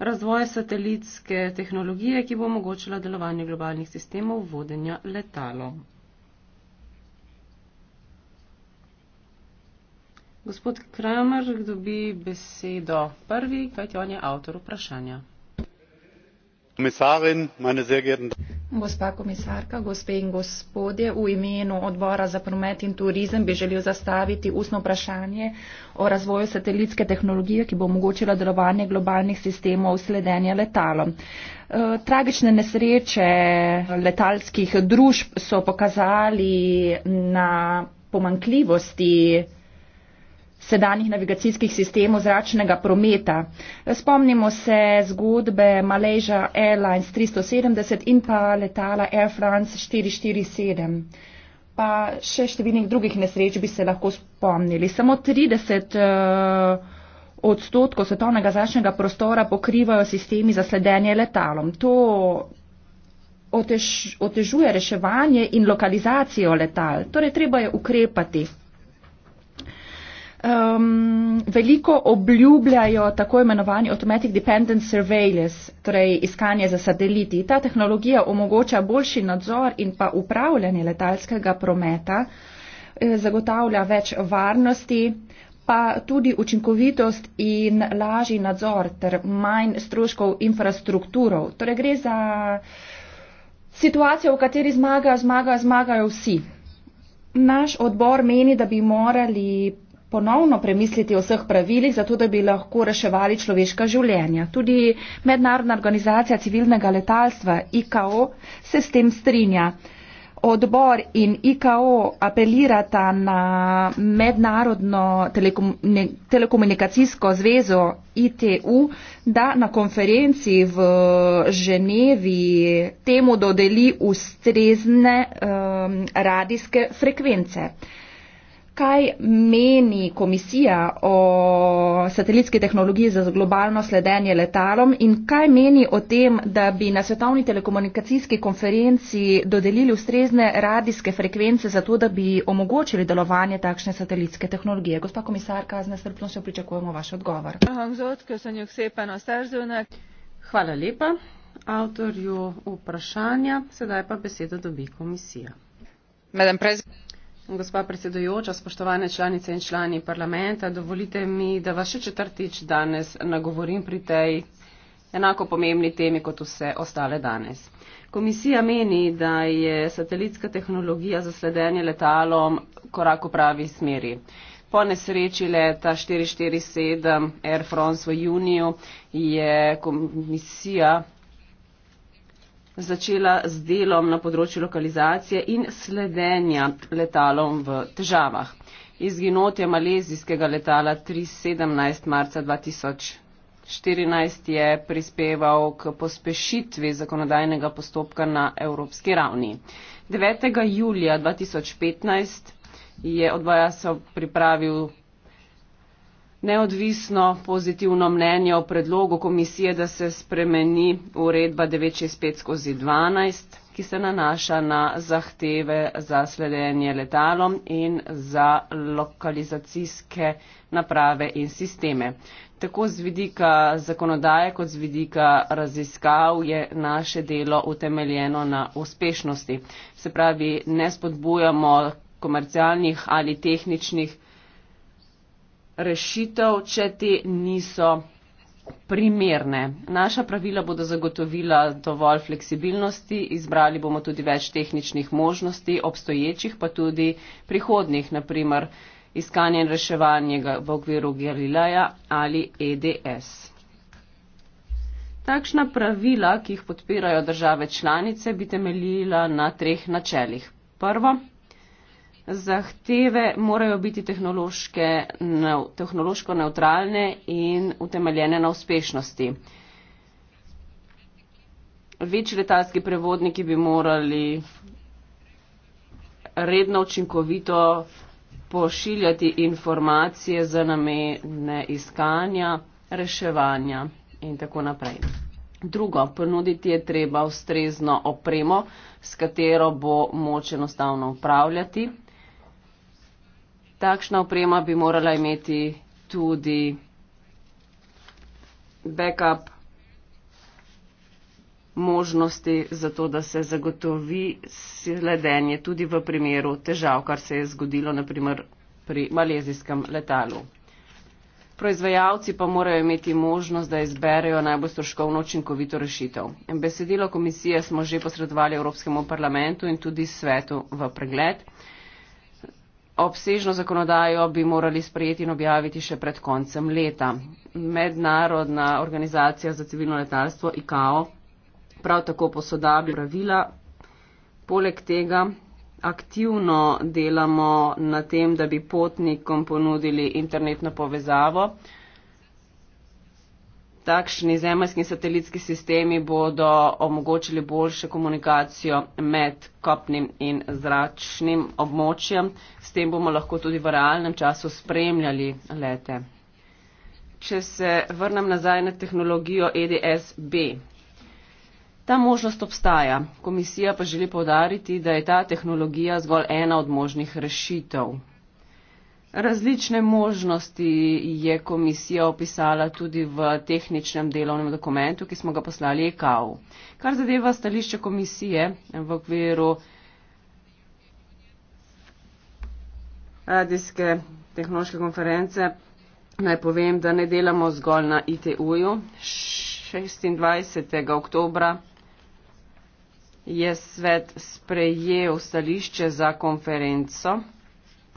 razvoj satelitske tehnologije, ki bo omogočila delovanje globalnih sistemov vodenja letalo. Gospod Kramer, kdo bi besedo prvi, kajti on je avtor vprašanja. Komisarin, meine sehr geehrten. Gospa komisarka, gospe in gospodje, v imenu odbora za promet in turizem bi želel zastaviti ustno vprašanje o razvoju satelitske tehnologije, ki bo omogočila delovanje globalnih sistemov sledenja letalom. E, tragične nesreče letalskih družb so pokazali na pomankljivosti sedanjih navigacijskih sistemov zračnega prometa. Spomnimo se zgodbe Malaysia Airlines 370 in pa letala Air France 447. Pa še številnih drugih nesreč bi se lahko spomnili. Samo 30 uh, eh, odstotkov svetovnega zračnega prostora pokrivajo sistemi za sledenje letalom. To otež, otežuje reševanje in lokalizacijo letal. Torej, treba je ukrepati. Um, veliko obljubljajo tako imenovani automatic dependent surveillance, torej iskanje za sateliti. Ta tehnologija omogoča boljši nadzor in pa upravljanje letalskega prometa, e, zagotavlja več varnosti, pa tudi učinkovitost in lažji nadzor ter manj stroškov infrastrukturov. Torej gre za situacijo, v kateri zmaga, zmaga, zmagajo vsi. Naš odbor meni, da bi morali ponovno premisliti o vseh pravilih, zato da bi lahko reševali človeška življenja. Tudi Mednarodna organizacija civilnega letalstva IKO se s tem strinja. Odbor in IKO apelirata na Mednarodno telekomunikacijsko zvezo ITU, da na konferenci v Ženevi temu dodeli ustrezne um, radijske frekvence. Uh, kaj meni komisija o satelitski tehnologiji za globalno sledenje letalom in kaj meni o tem, da bi na svetovni telekomunikacijski konferenci dodelili ustrezne radijske frekvence za to, da bi omogočili delovanje takšne satelitske tehnologije. Gospa komisarka, z nestrpnostjo pričakujemo vaš odgovor. Hvala lepa avtorju vprašanja. Sedaj pa besedo dobi komisija. Madam President. Gospa predsedujoča, spoštovane članice in člani parlamenta, dovolite mi, da vas še četrtič danes nagovorim pri tej enako pomembni temi kot vse ostale danes. Komisija meni, da je satelitska tehnologija za sledenje letalom korak v pravi smeri. Po nesreči leta 447 Air France v juniju je komisija začela z delom na področju lokalizacije in sledenja letalom v težavah. Izginot je malezijskega letala 317. marca 2014 je prispeval k pospešitvi zakonodajnega postopka na evropski ravni. 9. julija 2015 je odvaja se pripravil neodvisno pozitivno mnenje o predlogu komisije, da se spremeni uredba 965 skozi 12, ki se nanaša na zahteve za sledenje letalom in za lokalizacijske naprave in sisteme. Tako z vidika zakonodaje kot z vidika raziskav je naše delo utemeljeno na uspešnosti. Se pravi, ne spodbujamo komercialnih ali tehničnih rešitev, če te niso primerne. Naša pravila bodo zagotovila dovolj fleksibilnosti, izbrali bomo tudi več tehničnih možnosti, obstoječih pa tudi prihodnih, naprimer iskanje in reševanje v okviru Galileja ali EDS. Takšna pravila, ki jih podpirajo države članice, bi temeljila na treh načelih. Prvo, zahteve morajo biti ne, tehnološko neutralne in utemeljene na uspešnosti. Večji letalski prevodniki bi morali redno učinkovito pošiljati informacije za namene iskanja, reševanja in tako naprej. Drugo, ponuditi je treba ustrezno opremo, s katero bo moč enostavno upravljati. Takšna oprema bi morala imeti tudi backup možnosti za to, da se zagotovi sledenje tudi v primeru težav, kar se je zgodilo naprimer pri malezijskem letalu. Proizvajalci pa morajo imeti možnost, da izberejo najbolj stroškovno učinkovito rešitev. Besedilo komisije smo že posredovali Evropskemu parlamentu in tudi svetu v pregled obsežno zakonodajo bi morali sprejeti in objaviti še pred koncem leta. Mednarodna organizacija za civilno letalstvo ICAO prav tako posodablja pravila. Poleg tega aktivno delamo na tem, da bi potnikom ponudili internetno povezavo, Takšni zemljski in satelitski sistemi bodo omogočili boljšo komunikacijo med kopnim in zračnim območjem. S tem bomo lahko tudi v realnem času spremljali lete. Če se vrnem nazaj na tehnologijo EDSB. Ta možnost obstaja. Komisija pa želi povdariti, da je ta tehnologija zgolj ena od možnih rešitev. Različne možnosti je komisija opisala tudi v tehničnem delovnem dokumentu, ki smo ga poslali EKAV. Kar zadeva stališče komisije v okviru eh, radijske tehnološke konference, naj povem, da ne delamo zgolj na ITU-ju. 26. oktobra je svet sprejel stališče za konferenco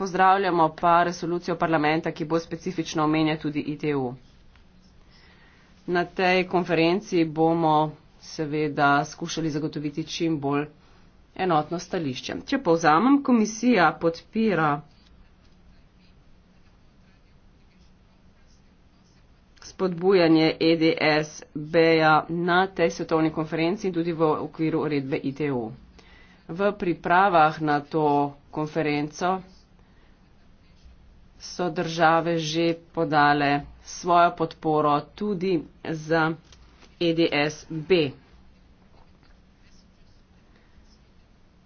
pozdravljamo pa resolucijo parlamenta, ki bo specifično omenja tudi ITU. Na tej konferenci bomo seveda skušali zagotoviti čim bolj enotno stališče. Če povzamem, komisija podpira spodbujanje EDSB-ja na tej svetovni konferenci in tudi v okviru uredbe ITU. V pripravah na to konferenco so države že podale svojo podporo tudi za EDSB.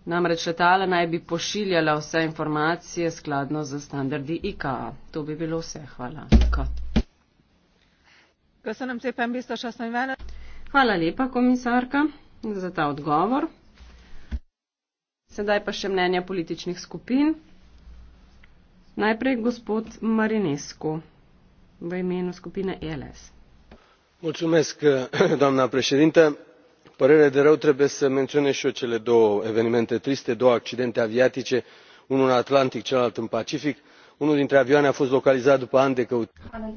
Namreč letala naj bi pošiljala vse informacije skladno z standardi IKA. To bi bilo vse. Hvala. Hvala lepa, komisarka, za ta odgovor. Sedaj pa še mnenja političnih skupin. Najprej gospod Marinescu v imenu skupine ELS. Mulțumesc, doamna președintă. Părere de rău, trebuie să menționez și eu cele două evenimente triste, două accidente aviatice, unul în Atlantic, celălalt în Pacific. Unul dintre avioane a fost localizat după ani de căutare.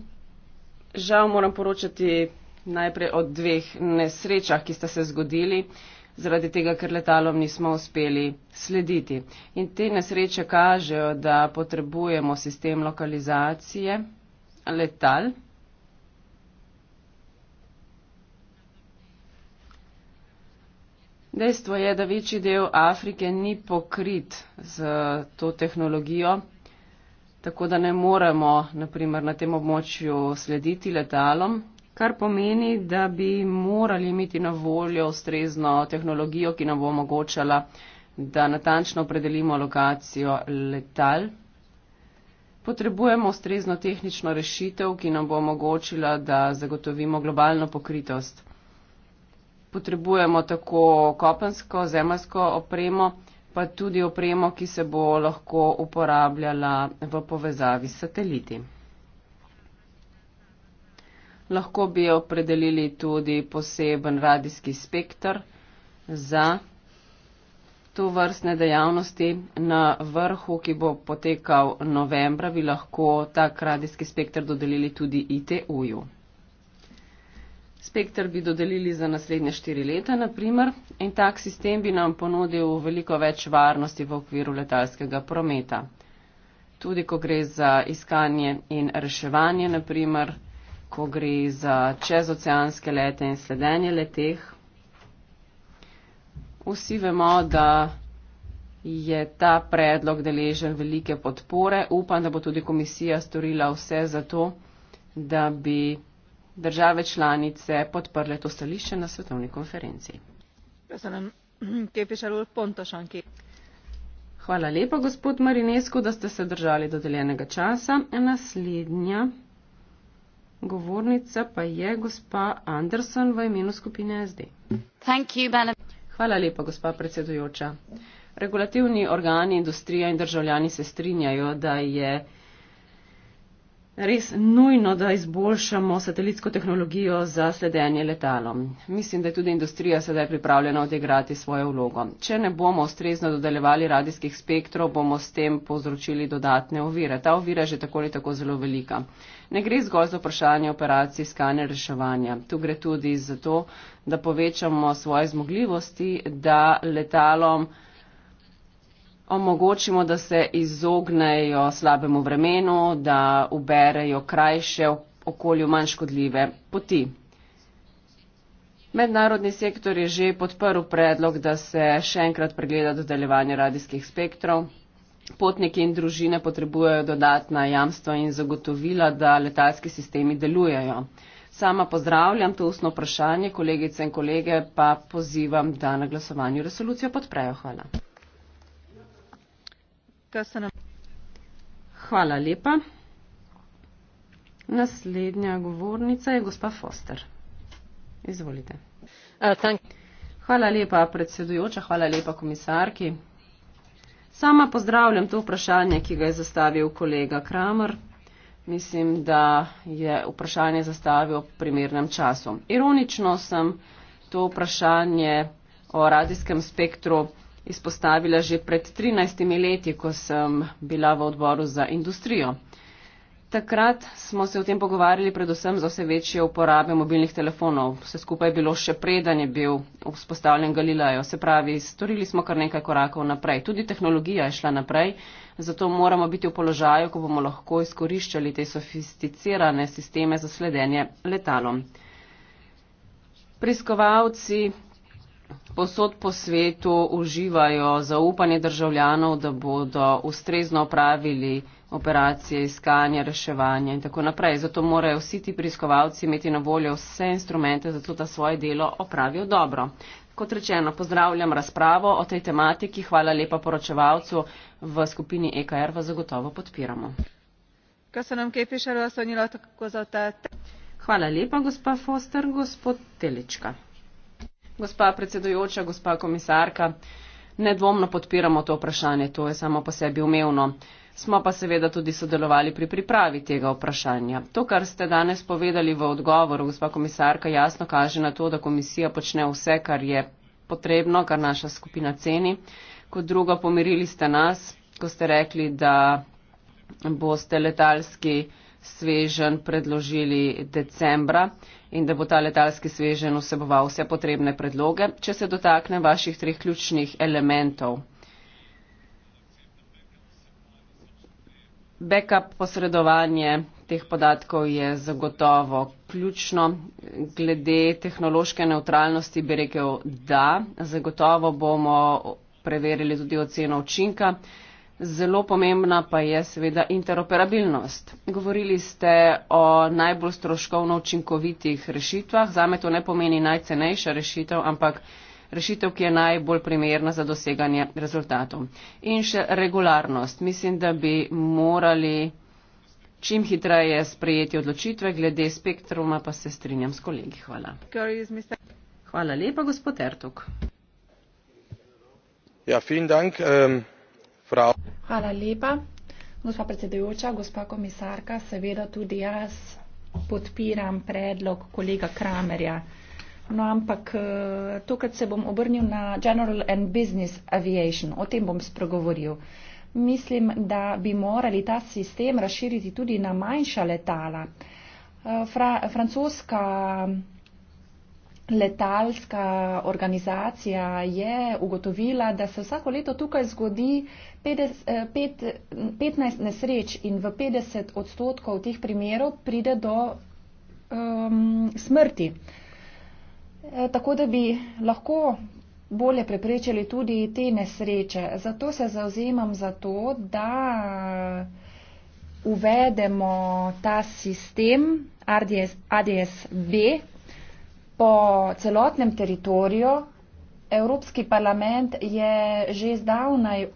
Žal moram poročati najprej o dveh nesrečah, ki sta se zgodili. Uh, zaradi tega, ker letalom nismo uspeli slediti. In te nesreče kažejo, da potrebujemo sistem lokalizacije letal. Dejstvo je, da večji del Afrike ni pokrit z to tehnologijo, tako da ne moremo naprimer, na tem območju slediti letalom, kar pomeni, da bi morali imeti na voljo ustrezno tehnologijo, ki nam bo omogočala, da natančno opredelimo lokacijo letal. Potrebujemo ustrezno tehnično rešitev, ki nam bo omogočila, da zagotovimo globalno pokritost. Potrebujemo tako kopensko, zemljsko opremo, pa tudi opremo, ki se bo lahko uporabljala v povezavi s sateliti lahko bi opredelili tudi poseben radijski spektr za to vrstne dejavnosti. Na vrhu, ki bo potekal novembra, bi lahko tak radijski spektr dodelili tudi ITU-ju. Spektr bi dodelili za naslednje štiri leta, naprimer, in tak sistem bi nam ponudil veliko več varnosti v okviru letalskega prometa. Tudi ko gre za iskanje in reševanje, naprimer, ko gre za čezoceanske lete in sledenje leteh. Vsi vemo, da je ta predlog deležen velike podpore. Upam, da bo tudi komisija storila vse za to, da bi države članice podprle to stališče na svetovni konferenci. Hvala lepa, gospod Marinesko, da ste se držali dodeljenega časa. Naslednja. Govornica pa je gospa Anderson v imenu skupine SD. You, Hvala lepa, gospa predsedujoča. Regulativni organi, industrija in državljani se strinjajo, da je res nujno, da izboljšamo satelitsko tehnologijo za sledenje letalom. Mislim, da je tudi industrija sedaj pripravljena odigrati svojo vlogo. Če ne bomo ustrezno dodeljevali radijskih spektrov, bomo s tem povzročili dodatne ovire. Ta ovira je že tako ali tako zelo velika. Ne gre zgolj za vprašanje operacij skane reševanja. Tu gre tudi za to, da povečamo svoje zmogljivosti, da letalom omogočimo, da se izognejo slabemu vremenu, da uberejo krajše okolju manj škodljive poti. Mednarodni sektor je že podprl predlog, da se še enkrat pregleda dodeljevanje radijskih spektrov. Potniki in družine potrebujejo dodatna jamstva in zagotovila, da letalski sistemi delujejo. Sama pozdravljam to ustno vprašanje, kolegice in kolege pa pozivam, da na glasovanju resolucijo podprejo. Hvala. Nam... Hvala lepa. Naslednja govornica je gospa Foster. Izvolite. Uh, hvala lepa, predsedujoča, hvala lepa, komisarki. Sama pozdravljam to vprašanje, ki ga je zastavil kolega Kramer. Mislim, da je vprašanje zastavil v primernem času. Ironično sem to vprašanje o radijskem spektru izpostavila že pred 13 leti, ko sem bila v odboru za industrijo. Takrat smo se o tem pogovarjali predvsem za vse večje uporabe mobilnih telefonov. Vse skupaj je bilo še preden je bil vzpostavljen Galileo. Se pravi, storili smo kar nekaj korakov naprej. Tudi tehnologija je šla naprej, zato moramo biti v položaju, ko bomo lahko izkoriščali te sofisticirane sisteme za sledenje letalom. Preiskovalci posod po svetu uživajo zaupanje državljanov, da bodo ustrezno opravili operacije, iskanje, reševanje in tako naprej. Zato morajo vsi ti preiskovalci imeti na voljo vse instrumente, zato da svoje delo opravijo dobro. Kot rečeno, pozdravljam razpravo o tej tematiki. Hvala lepa poročevalcu v skupini EKR, vas zagotovo podpiramo. Hvala lepa, gospa Foster, gospod Telička. Gospa predsedujoča, gospa komisarka, nedvomno podpiramo to vprašanje, to je samo po sebi umevno. Smo pa seveda tudi sodelovali pri pripravi tega vprašanja. To, kar ste danes povedali v odgovoru, gospa komisarka, jasno kaže na to, da komisija počne vse, kar je potrebno, kar naša skupina ceni. Kot drugo, pomirili ste nas, ko ste rekli, da boste letalski svežen predložili decembra in da bo ta letalski svežen vseboval vse potrebne predloge. Če se dotaknem vaših treh ključnih elementov. Backup posredovanje teh podatkov je zagotovo ključno. Glede tehnološke neutralnosti bi rekel, da zagotovo bomo preverili tudi oceno učinka. Zelo pomembna pa je seveda interoperabilnost. Govorili ste o najbolj stroškovno učinkovitih rešitvah. Zame to ne pomeni najcenejša rešitev, ampak rešitev, ki je najbolj primerna za doseganje rezultatov. In še regularnost. Mislim, da bi morali čim hitreje sprejeti odločitve glede spektruma, pa se strinjam s kolegi. Hvala. Hvala lepa, gospod Ertuk. Ja, Frau. Hvala lepa. Gospa predsedujoča, gospa komisarka, seveda tudi jaz podpiram predlog kolega Kramerja. No, ampak eh, tukaj se bom obrnil na General and Business Aviation, o tem bom spregovoril. Mislim, da bi morali ta sistem razširiti tudi na manjša letala. Eh, Fra, francoska letalska organizacija je ugotovila, da se vsako leto tukaj zgodi 50, 5, 15 nesreč in v 50 odstotkov teh primerov pride do um, smrti. E, tako da bi lahko bolje preprečili tudi te nesreče. Zato se zauzemam za to, da uvedemo ta sistem ADS-B, ADS po celotnem teritoriju. Evropski parlament je že zdavnaj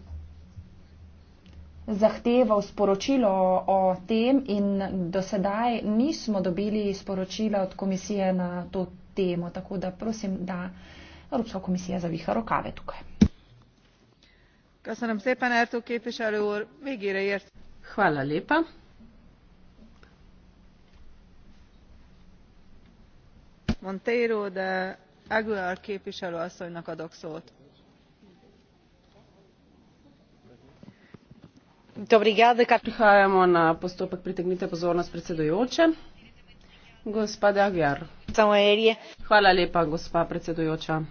zahteval sporočilo o tem in dosedaj nismo dobili sporočila od komisije na to temo. Tako da prosim, da Evropska komisija zaviha rokave tukaj. Köszönöm szépen, Ertó képviselő úr. Végére ért. Hvala lépa. monteiro de aguilar képviselő asszonynak adok szót. prehajamo na postopek pritegnitve pozornosti predsedujoče. hvala lepa gospa predsedujoča.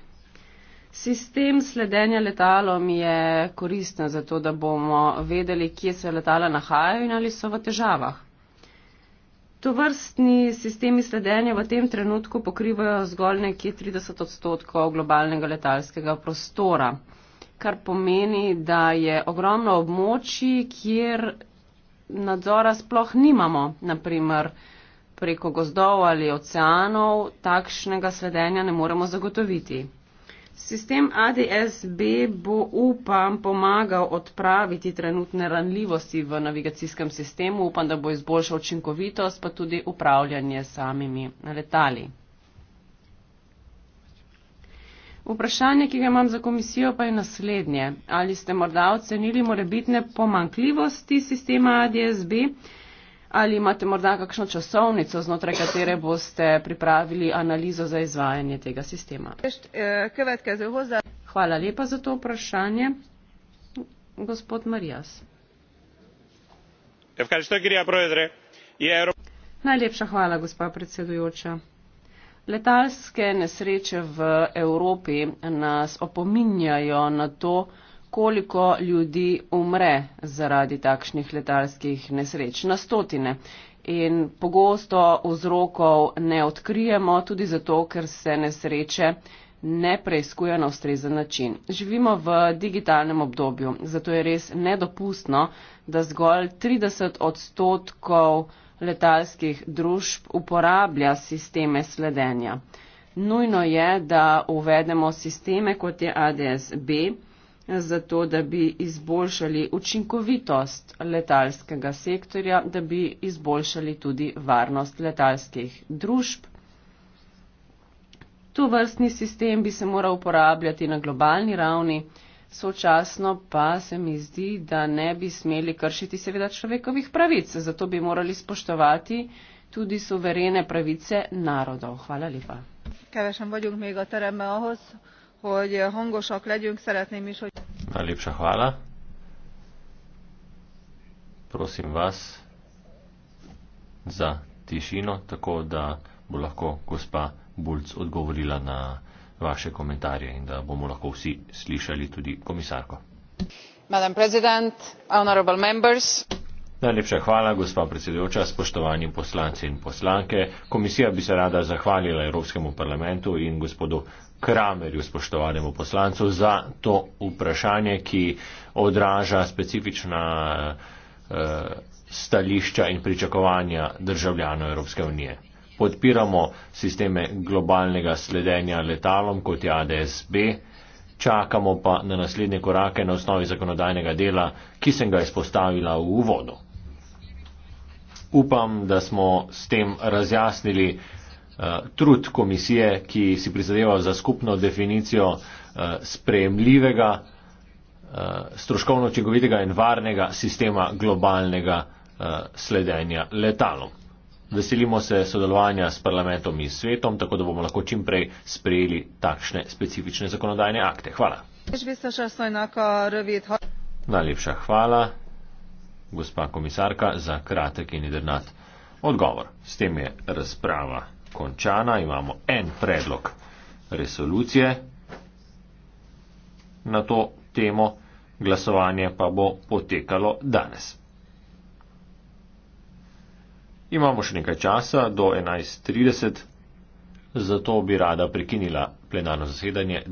sistem sledenja letalom je koristen zato da bomo vedeli kje se letala nahajajo in ali so v težavah. To vrstni sistemi sledenja v tem trenutku pokrivajo zgolj nekje 30 odstotkov globalnega letalskega prostora, kar pomeni, da je ogromno območji, kjer nadzora sploh nimamo, naprimer preko gozdov ali oceanov, takšnega sledenja ne moremo zagotoviti. Sistem ADSB bo, upam, pomagal odpraviti trenutne ranljivosti v navigacijskem sistemu. Upam, da bo izboljšal učinkovitost, pa tudi upravljanje samimi letali. Vprašanje, ki ga imam za komisijo, pa je naslednje. Ali ste morda ocenili morebitne pomankljivosti sistema ADSB? Ali imate morda kakšno časovnico, znotraj katere boste pripravili analizo za izvajanje tega sistema? Hvala lepa za to vprašanje. Gospod Marijas. Najlepša hvala, gospod predsedujoča. Letalske nesreče v Evropi nas opominjajo na to, koliko ljudi umre zaradi takšnih letalskih nesreč. Na stotine. In pogosto vzrokov ne odkrijemo, tudi zato, ker se nesreče ne preizkuje na ustrezen način. Živimo v digitalnem obdobju, zato je res nedopustno, da zgolj 30 odstotkov letalskih družb uporablja sisteme sledenja. Nujno je, da uvedemo sisteme kot je ADS-B, zato da bi izboljšali učinkovitost letalskega sektorja, da bi izboljšali tudi varnost letalskih družb. Tu vrstni sistem bi se moral uporabljati na globalni ravni, sočasno pa se mi zdi, da ne bi smeli kršiti seveda človekovih pravic, zato bi morali spoštovati tudi suverene pravice narodov. Hvala lepa. Kevesen vagyunk még a teremben ahhoz, hogy hangosak legyünk szeretném is hogy Najlepša hvala. Prosim vas za tišino, tako da bo lahko gospa Bulc odgovorila na vaše komentarje in da bomo lahko vsi slišali tudi komisarko. Najlepša hvala, gospa predsedujoča, spoštovani poslanci in poslanke. Komisija bi se rada zahvalila Evropskemu parlamentu in gospodu Kramerju, spoštovanemu poslancu, za to vprašanje, ki odraža specifična eh, stališča in pričakovanja državljanov Evropske unije. Podpiramo sisteme globalnega sledenja letalom, kot je ADSB, čakamo pa na naslednje korake na osnovi zakonodajnega dela, ki sem ga izpostavila v uvodu. Upam, da smo s tem razjasnili, Eh, trud komisije, ki si prizadeva za skupno definicijo eh, sprejemljivega, eh, stroškovno učinkovitega in varnega sistema globalnega sledenja letalom. Veselimo se sodelovanja s parlamentom in svetom, tako da bomo lahko čim prej sprejeli takšne specifične zakonodajne akte. Hvala. Najlepša hvala, gospa komisarka, za kratek in idrnat odgovor. S tem je razprava končana, imamo en predlog resolucije na to temo, glasovanje pa bo potekalo danes. Imamo še nekaj časa do 11.30, zato bi rada prekinila plenarno zasedanje.